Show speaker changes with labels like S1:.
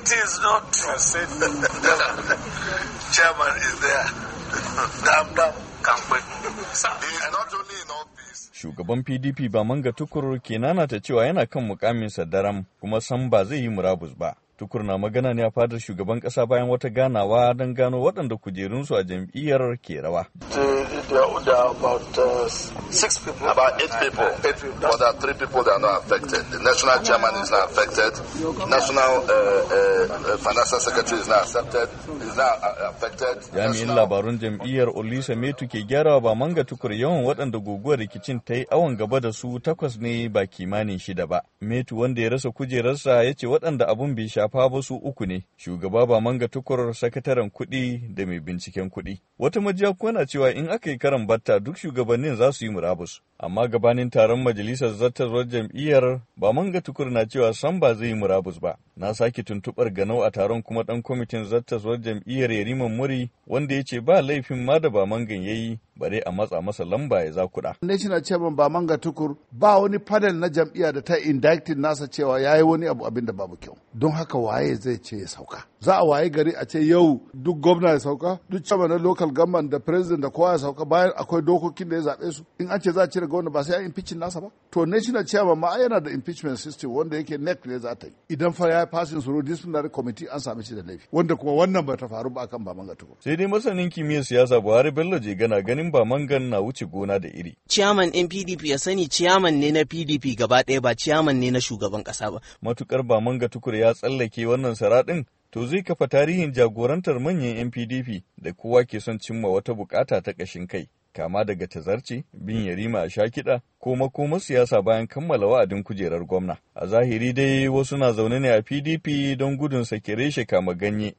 S1: It is not true. Chairman is there.
S2: Shugaban PDP ba manga tukur ke nanata cewa yana kan mukaminsa daram kuma san ba zai yi murabus ba. Tukur na magana ne a fadar shugaban kasa bayan wata ganawa don gano waɗanda kujerunsu a jam'iyyar ke rawa.
S1: Eh, There are, there are about uh, six people. About eight people. Eight people. But there are three people that are not affected. The national chairman is not affected. National uh, uh, uh, financial secretary is not accepted. Is not uh, affected. Jami'in
S2: labarun jam'iyyar Olisa Metu ke gyara ba manga tukur yawan waɗanda guguwar rikicin ta yi awon gaba da su takwas ne ba kimanin shida ba. Metu wanda ya rasa kujerarsa ya ce waɗanda abun bai shafa ba su uku ne. Shugaba ba manga tukur sakataren kuɗi da mai binciken kuɗi. Wata majiya kuna cewa in aka yi yi karan batta duk shugabannin za su yi murabus. Amma gabanin taron majalisar zattarwar jam'iyyar ba manga tukur na cewa san ba zai yi murabus ba. Na sake tuntuɓar ganau a taron kuma ɗan kwamitin zattarwar jam'iyyar Yariman Muri wanda ya ce ba laifin ma da ba mangan ya yi bare a matsa masa lamba ya zakuɗa.
S1: National Chairman ba manga tukur ba wani panel na jam'iyya da ta indicting nasa cewa ya yi wani abu abin da babu kyau. Don haka waye zai ce ya sauka. Za a waye gari a ce yau duk gwamna ya sauka, duk chairman na local government da president da kowa ya sauka bayan akwai dokokin da ya zaɓe su. In an ce za a cire gwamna ba sai ya impeaching nasa ba. To National Chairman ma yana da impeachment system wanda yake neck ne za ta yi. Idan fa ya yi passing through disciplinary committee an sami shi da laifi. Wanda kuma wannan ba ta faru ba kan ba manga tukur.
S2: Sai dai masanin kimiyyar siyasa Buhari Bello je gana ganin ganin ba mangan na wuce gona da iri. Ciyaman ɗin PDP ya sani ciyaman ne na PDP gaba ɗaya ba ciyaman ne na shugaban ƙasa ba. Matukar ba manga tukur ya tsallake wannan saraɗin to zai kafa tarihin jagorantar manyan ƴan PDP da kowa ke son cimma wata buƙata ta ƙashin kai. Kama daga tazarci, bin yarima a shakiɗa, ko makoma siyasa bayan kammala wa'adin kujerar gwamna. A zahiri dai wasu na zaune ne a PDP don gudun sakire shi kama ganye